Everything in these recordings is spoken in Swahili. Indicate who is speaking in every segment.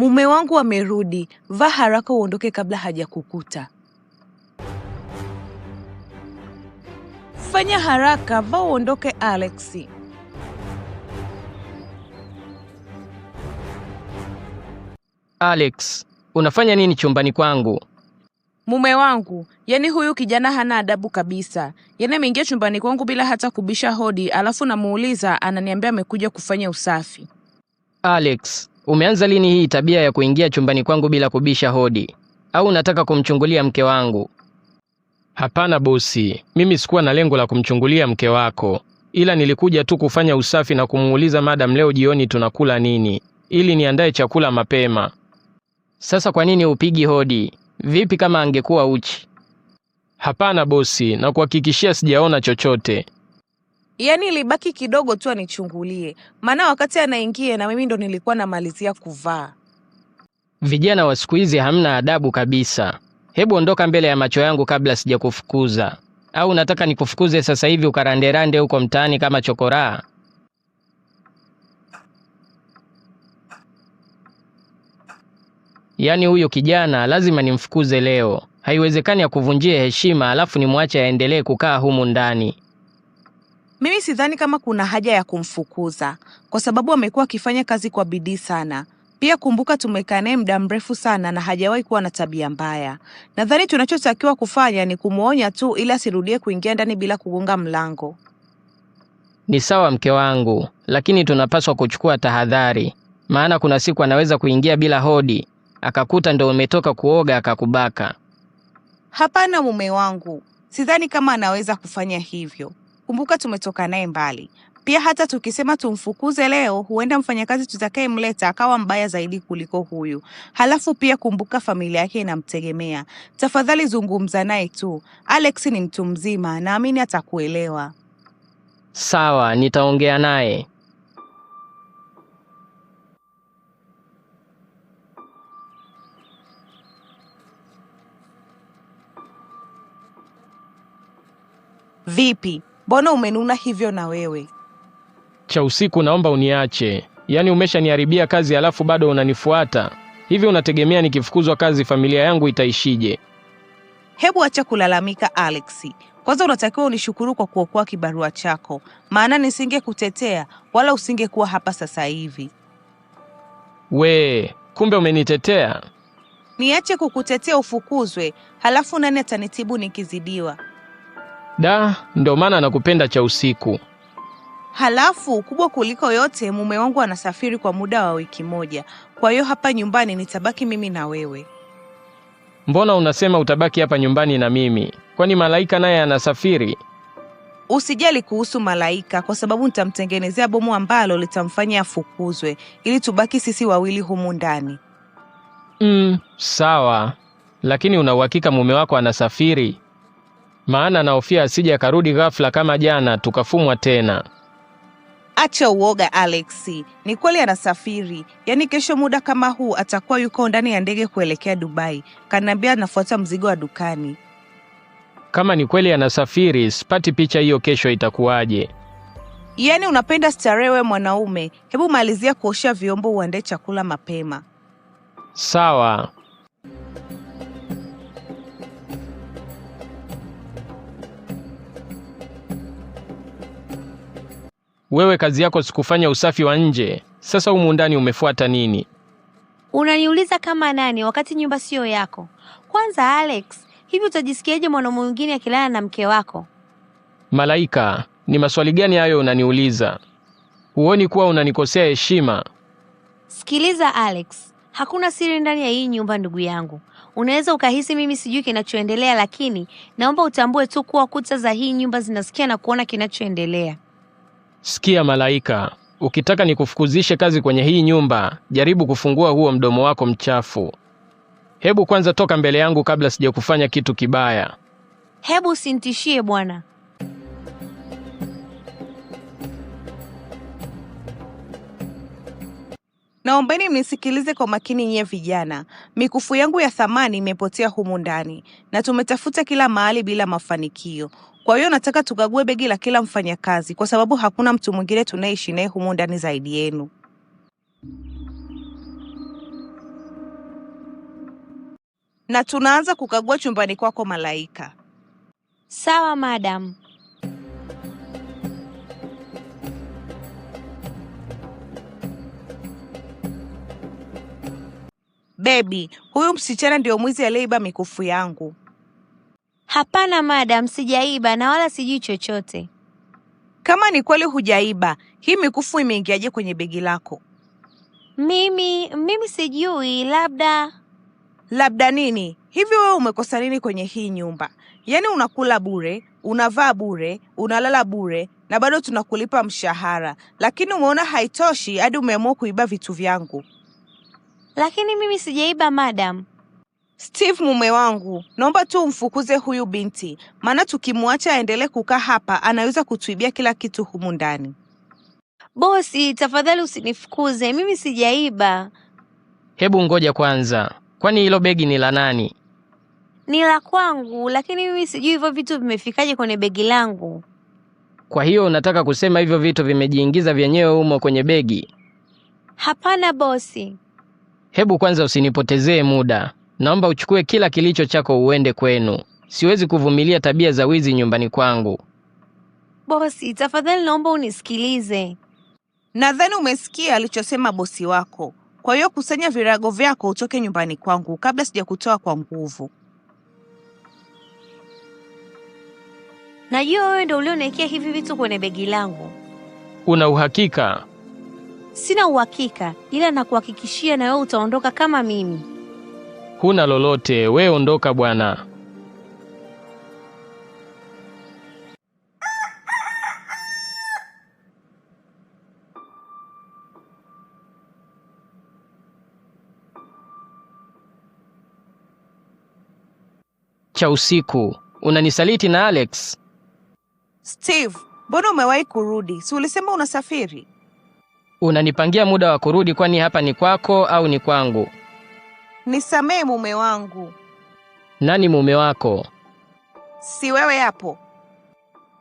Speaker 1: Mume wangu amerudi, va vaa haraka uondoke kabla hajakukuta. Fanya haraka, vaa uondoke Alexi.
Speaker 2: Alex, unafanya nini chumbani kwangu?
Speaker 1: Mume wangu, yani huyu kijana hana adabu kabisa. Yani ameingia chumbani kwangu bila hata kubisha hodi, alafu namuuliza, ananiambia amekuja kufanya usafi.
Speaker 2: Alex, Umeanza lini hii tabia ya kuingia chumbani kwangu bila kubisha hodi? Au unataka kumchungulia mke wangu?
Speaker 3: Hapana bosi, mimi sikuwa na lengo la kumchungulia mke wako, ila nilikuja tu kufanya usafi na kumuuliza madam leo jioni tunakula nini, ili niandae chakula mapema.
Speaker 2: Sasa kwa nini upigi hodi? Vipi kama angekuwa uchi?
Speaker 3: Hapana bosi, na kuhakikishia sijaona chochote.
Speaker 1: Yaani ilibaki kidogo tu anichungulie, maana wakati anaingia na mimi ndo nilikuwa namalizia kuvaa.
Speaker 2: Vijana wa siku hizi hamna adabu kabisa. Hebu ondoka mbele ya macho yangu kabla sijakufukuza. Au nataka nikufukuze sasa hivi ukaranderande huko mtaani kama chokoraa? Yaani huyo kijana lazima nimfukuze leo. Haiwezekani akuvunjie heshima alafu nimwache aendelee kukaa humu ndani.
Speaker 1: Mimi sidhani kama kuna haja ya kumfukuza kwa sababu amekuwa akifanya kazi kwa bidii sana. Pia kumbuka, tumekaa naye muda mrefu sana na hajawahi kuwa na tabia mbaya. Nadhani tunachotakiwa kufanya ni kumwonya tu ili asirudie kuingia ndani bila kugonga mlango.
Speaker 2: Ni sawa mke wangu, lakini tunapaswa kuchukua tahadhari, maana kuna siku anaweza kuingia bila hodi akakuta ndo umetoka kuoga akakubaka.
Speaker 1: Hapana mume wangu, sidhani kama anaweza kufanya hivyo. Kumbuka tumetoka naye mbali. Pia hata tukisema tumfukuze leo, huenda mfanyakazi tutakayemleta akawa mbaya zaidi kuliko huyu. Halafu pia kumbuka familia yake inamtegemea. Tafadhali zungumza naye tu. Alex ni mtu mzima, naamini atakuelewa.
Speaker 2: Sawa, nitaongea naye.
Speaker 1: Vipi? Mbona umenuna hivyo na wewe?
Speaker 3: Cha usiku, naomba uniache. Yaani umeshaniharibia kazi alafu bado unanifuata hivi. Unategemea nikifukuzwa kazi familia yangu itaishije?
Speaker 1: Hebu acha kulalamika Alexi. Kwanza unatakiwa unishukuru kwa kuokoa kibarua chako, maana nisingekutetea wala usingekuwa hapa sasa hivi.
Speaker 3: We, kumbe umenitetea.
Speaker 1: Niache kukutetea ufukuzwe, halafu nani atanitibu nikizidiwa?
Speaker 3: Da, ndio maana nakupenda cha usiku.
Speaker 1: Halafu kubwa kuliko yote, mume wangu anasafiri kwa muda wa wiki moja, kwa hiyo hapa nyumbani nitabaki mimi na wewe.
Speaker 3: Mbona unasema utabaki hapa nyumbani na mimi? Kwani Malaika naye anasafiri?
Speaker 1: Usijali kuhusu Malaika kwa sababu nitamtengenezea bomu ambalo litamfanya afukuzwe ili tubaki sisi wawili humu ndani.
Speaker 3: Mm, sawa. Lakini una uhakika mume wako anasafiri? maana nahofia asije akarudi ghafla kama jana tukafumwa tena.
Speaker 1: Acha uoga Alexi. ni kweli anasafiri. Yaani kesho muda kama huu atakuwa yuko ndani ya ndege kuelekea Dubai. Kanambia anafuata mzigo wa dukani.
Speaker 3: Kama ni kweli anasafiri, sipati picha hiyo kesho itakuwaje?
Speaker 1: Yaani unapenda starehe wewe mwanaume, hebu malizia kuosha vyombo uandae chakula mapema.
Speaker 3: Sawa. Wewe kazi yako sikufanya usafi wa nje, sasa humu ndani umefuata nini?
Speaker 1: Unaniuliza kama nani wakati nyumba siyo yako? Kwanza Alex, hivi utajisikiaje mwanaume mwingine akilala na mke wako?
Speaker 3: Malaika, ni maswali gani hayo unaniuliza? Huoni kuwa unanikosea heshima?
Speaker 1: Sikiliza Alex, hakuna siri ndani ya hii nyumba ndugu yangu. Unaweza ukahisi mimi sijui kinachoendelea, lakini naomba utambue tu kuwa kuta za hii nyumba zinasikia na kuona kinachoendelea.
Speaker 3: Sikia malaika, ukitaka nikufukuzishe kazi kwenye hii nyumba, jaribu kufungua huo mdomo wako mchafu. Hebu kwanza toka mbele yangu kabla sijakufanya kitu kibaya.
Speaker 1: Hebu sintishie bwana. Naombeni mnisikilize kwa makini nyie vijana. Mikufu yangu ya thamani imepotea humu ndani, na tumetafuta kila mahali bila mafanikio. Kwa hiyo nataka tukague begi la kila mfanyakazi, kwa sababu hakuna mtu mwingine tunayeishi naye humu ndani zaidi yenu. Na tunaanza kukagua chumbani kwako, Malaika.
Speaker 4: Sawa madam.
Speaker 1: Bebi, huyu msichana ndio mwizi aliyeiba mikufu yangu.
Speaker 4: Hapana madam, sijaiba na wala sijui chochote.
Speaker 1: Kama ni kweli hujaiba, hii mikufu imeingiaje kwenye begi lako?
Speaker 4: Mimi mimi sijui, labda
Speaker 1: labda nini? Hivi wewe umekosa nini kwenye hii nyumba? Yaani unakula bure, unavaa bure, unalala bure na bado tunakulipa mshahara, lakini umeona haitoshi hadi umeamua kuiba vitu vyangu.
Speaker 4: Lakini mimi sijaiba madam.
Speaker 1: Steve mume wangu, naomba tu umfukuze huyu binti, maana tukimwacha aendelee kukaa hapa anaweza kutuibia kila kitu humu ndani.
Speaker 4: Bosi, tafadhali usinifukuze, mimi sijaiba.
Speaker 2: Hebu ngoja kwanza, kwani hilo begi ni la nani?
Speaker 4: Ni la kwangu, lakini mimi sijui hivyo vitu vimefikaje kwenye begi langu.
Speaker 2: Kwa hiyo unataka kusema hivyo vitu vimejiingiza vyenyewe humo kwenye begi?
Speaker 4: Hapana bosi.
Speaker 2: Hebu kwanza usinipotezee muda. Naomba uchukue kila kilicho chako uende kwenu. Siwezi kuvumilia tabia za wizi nyumbani kwangu.
Speaker 4: Bosi, tafadhali naomba unisikilize.
Speaker 1: Nadhani umesikia alichosema bosi wako, kwa hiyo kusanya virago vyako utoke nyumbani kwangu kabla sijakutoa kwa nguvu. Najua wewe ndio ulionekea hivi vitu kwenye begi langu.
Speaker 3: Una uhakika?
Speaker 1: Sina uhakika, ila nakuhakikishia na wewe utaondoka kama mimi
Speaker 3: huna lolote, we ondoka bwana.
Speaker 2: cha usiku unanisaliti na Alex.
Speaker 1: Steve, mbona umewahi kurudi? Si ulisema unasafiri?
Speaker 2: Unanipangia muda wa kurudi, kwani hapa ni kwako au ni kwangu?
Speaker 1: nisamee mume wangu.
Speaker 2: Nani mume wako?
Speaker 1: Si wewe hapo?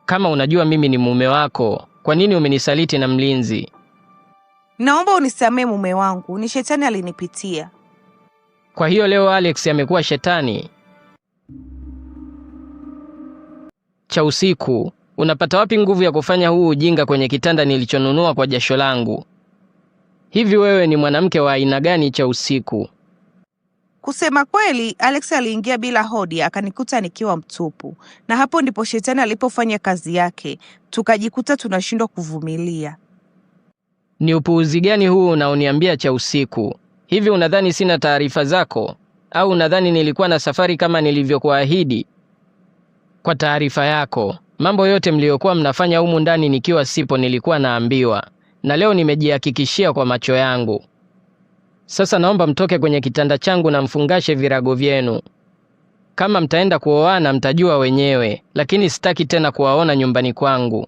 Speaker 2: Kama unajua mimi ni mume wako, kwa nini umenisaliti na mlinzi?
Speaker 1: Naomba unisamee mume wangu, ni shetani alinipitia.
Speaker 2: Kwa hiyo leo Alex amekuwa shetani? Cha usiku, unapata wapi nguvu ya kufanya huu ujinga kwenye kitanda nilichonunua kwa jasho langu? Hivi wewe ni mwanamke wa aina gani? Cha usiku.
Speaker 1: Kusema kweli, Alex aliingia bila hodi, akanikuta nikiwa mtupu, na hapo ndipo shetani alipofanya kazi yake, tukajikuta tunashindwa kuvumilia.
Speaker 2: Ni upuuzi gani huu unaoniambia cha usiku hivi? Unadhani sina taarifa zako au unadhani nilikuwa na safari kama nilivyokuahidi? Kwa taarifa yako, mambo yote mliyokuwa mnafanya humu ndani nikiwa sipo nilikuwa naambiwa, na leo nimejihakikishia kwa macho yangu. Sasa naomba mtoke kwenye kitanda changu na mfungashe virago vyenu. Kama mtaenda kuoana mtajua wenyewe, lakini sitaki tena kuwaona nyumbani kwangu.